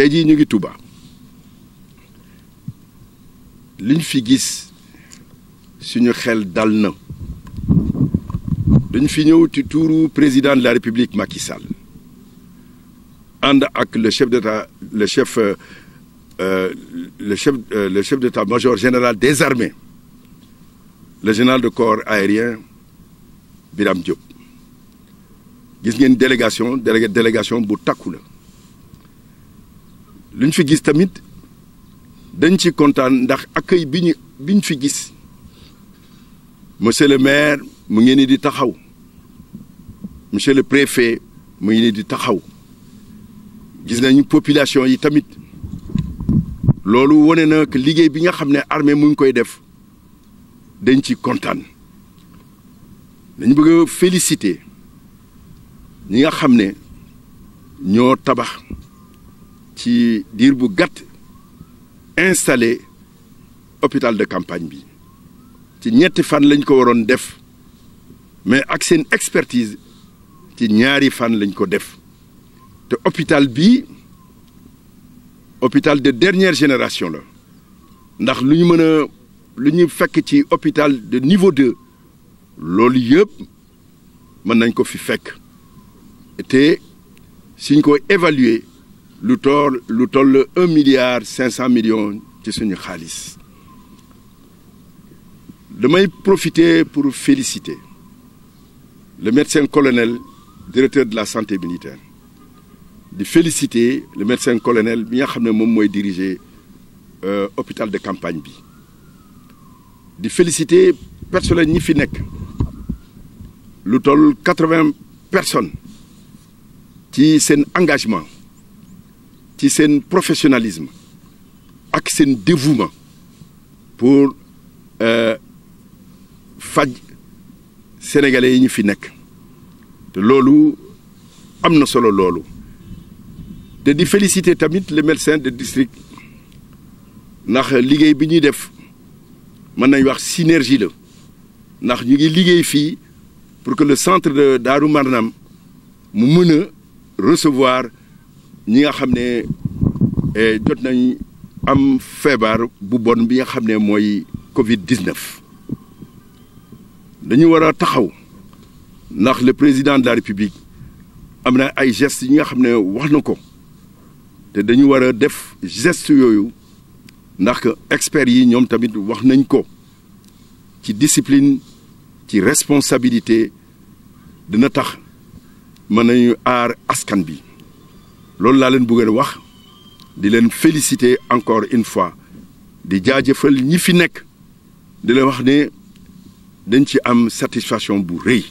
tey jii ñu ngi Touba liñ fi gis suñu xel dal na dañ fi ñëw ci tuuru président de la République Macky Sall ànd ak le chef d'état le chef euh, le chef euh, le chef d'état-major général des armées le général de corps aérien Birame Diop gis ngeen délégation délégué délégation bu takku la lu ñu fi gis tamit dañ ci kontaan ndax accueil bi ñu fi gis monsieur le maire mu ngi di taxaw monsieur le préfet mu ngi di taxaw gis nañu population yi tamit loolu wane na que liggéey bi nga xam ne armée mu ngi koy def dañ ci kontaan dañ bëgg a féliciter ñi nga xam ne ñoo tabax. ci diir bu gàtt installé hôpital de campagne bi ci ñetti fan lañ ko waroon def mais ak seen expertise ci ñaari fan lañ ko def te hôpital bi hôpital de dernière génération la ndax lu ñu mën a lu ñu fekk ci hôpital de niveau de loolu yëpp mën nañ ko fi fekk te suñ ko évaluer lu tool lu toll un milliard cinq cent millions ci suñu xaalis damay profiter pour féliciter le médecin colonel directeur de la santé militaire di féliciter le médecin colonel bi nga xam ne moom mooy diriger euh, hôpital de campagne bi di féliciter personnel ñi fi nekk lu toll quatre-vingts personnes ci seen engagement ci seen professionnalisme ak seen dévouement pour euh, faj sénégalais yi ñu fi nekk te loolu am na solo loolu te di féliciter tamit les médecins de district ndax liggéey bi ñuy def mën nañu wax sinergie la ndax ñu ngi liggéey fii pour que le centre de Daaru Marnam mu mën a recevoir ñi nga xam ne eh, jot nañ am feebar bu bon bi nga xam ne mooy Covid 19 dañu war a taxaw ndax le président de la am na ay gestes yi nga xam ne wax na ko te dañu war a def geste yooyu ndax experts yi ñoom tamit wax nañ ko ci discipline ci responsabilité dina tax mën nañu aar askan bi. loolu laa leen bëggoon wax di leen féliciter encore une fois di jaajëfal ñi fi nekk di leen wax ni dañ ci am satisfaction bu rëy.